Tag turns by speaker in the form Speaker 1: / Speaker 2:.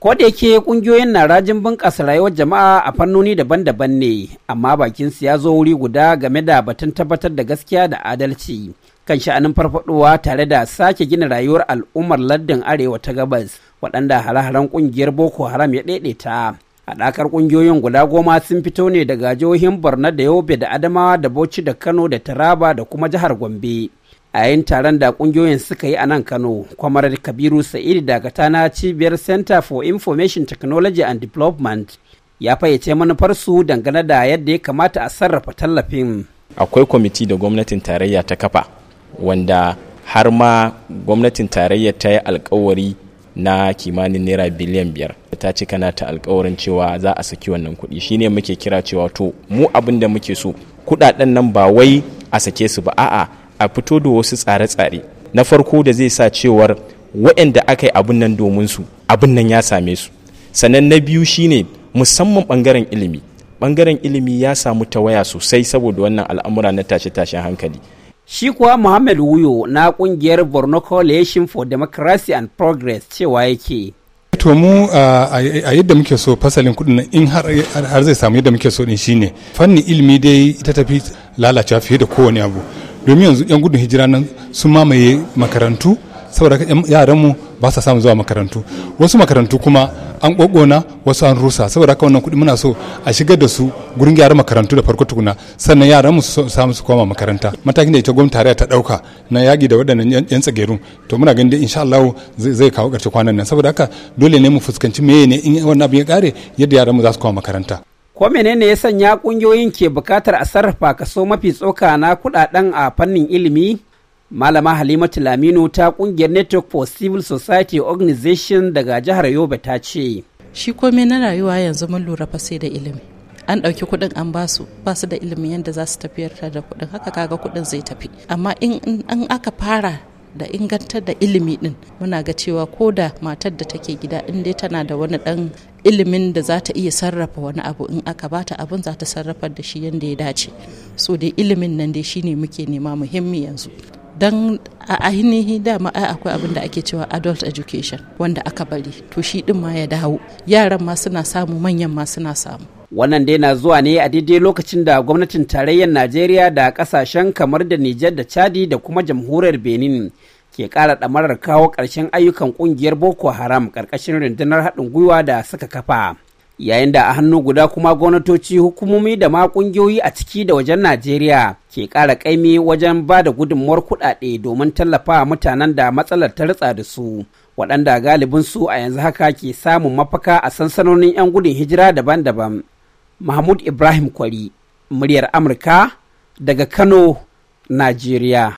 Speaker 1: Ko da yake kungiyoyin na rajin bunƙasa rayuwar jama'a a fannoni daban-daban ne, amma bakin su ya zo wuri guda game da batun tabbatar da gaskiya da adalci kan sha'anin farfaɗowa tare da sake gina rayuwar al'ummar lardin arewa ta gabas waɗanda hare-haren ƙungiyar Boko Haram ya ɗaiɗaita. Haɗakar ƙungiyoyin guda goma sun fito ne daga jihohin Borno da Yobe da Adamawa da Bauchi da Kano da Taraba da kuma jihar Gombe. a yayin taron da kungiyoyin suka yi a nan kano kwamar kabiru sa'idu dakata na cibiyar center for information technology and development ya fayyace manufarsu dangane da yadda ya kamata a sarrafa tallafin akwai
Speaker 2: kwamiti da gwamnatin tarayya ta kafa wanda har ma gwamnatin tarayya ta yi alkawari na kimanin naira biliyan biyar ta cika na ta alkawarin cewa za a saki wannan kuɗi shine muke kira cewa to mu abin da muke so kuɗaɗen nan ba wai a sake su ba a'a a fito da wasu tsare-tsare na farko da zai sa cewar waɗanda aka yi abin nan domin su abun nan ya same su sannan na biyu shine musamman ɓangaren ilimi ɓangaren ilimi ya samu tawaya sosai saboda wannan al'amura na tashe-tashen hankali
Speaker 1: shi kuwa muhammad wuyo na ƙungiyar borno coalition for democracy and progress cewa yake
Speaker 3: to mu a yadda muke so fasalin kudin nan in har zai samu yadda muke so din shine fannin ilimi dai ita tafi lalacewa fiye da kowane abu domin yanzu yan gudun hijira nan sun mamaye makarantu saboda yaranmu ba sa samun zuwa makarantu wasu makarantu kuma an kokona wasu an rusa saboda haka wannan kuɗi muna so a shigar da su gurin gyaran makarantu da farko tukuna sannan yaran mu su samu su koma makaranta matakin da ita gwamnati tarayya ta dauka na yaƙi da waɗannan yan tsagerun to muna ganin dai insha Allah zai kawo ƙarshe kwanan nan saboda haka dole ne mu fuskanci meye ne in wannan abin ya kare yadda yaran mu za su koma makaranta
Speaker 1: Ko menene ya sanya kungiyoyin ke bukatar a sarrafa kaso mafi tsoka na kudaden a fannin ilimi? Malama Halimatu Laminu ta kungiyar Network for Civil Society Organization daga jihar Yobe ta
Speaker 4: ce. Shi komai na rayuwa yanzu mun lura fa sai da ilimi. An ɗauki kuɗin an basu ba da ilimi yadda za su tafiyar da kuɗin haka kaga kuɗin zai tafi. Amma in an aka fara da ingantar da ilimi ɗin muna ga cewa ko da matar da take gida in dai tana da wani dan ilimin da za ta iya sarrafa wani abu in aka bata abin za ta sarrafa da shi yadda ya dace so dai ilimin nan dai shine muke nema muhimmi yanzu don a ainihi dama ai akwai abin da ake cewa adult education wanda aka bari to shi din ma ya dawo yaran ma suna samu manyan ma suna samu
Speaker 1: wannan dai na zuwa ne a daidai lokacin da gwamnatin tarayyar najeriya da kasashen kamar da nijar da chadi da kuma jamhuriyar benin ke ƙara ɗamarar kawo ƙarshen ayyukan ƙungiyar boko haram ƙarƙashin rundunar haɗin gwiwa da suka kafa yayin da a hannu guda kuma gwamnatoci hukumomi da ma ƙungiyoyi a ciki da wajen najeriya ke ƙara ƙaimi wajen ba da gudunmuwar kuɗaɗe domin tallafa mutanen da matsalar ta ritsa da su waɗanda galibin su a yanzu haka ke samun mafaka a sansanonin 'yan gudun hijira daban-daban mahmud ibrahim kwari muryar amurka daga kano najeriya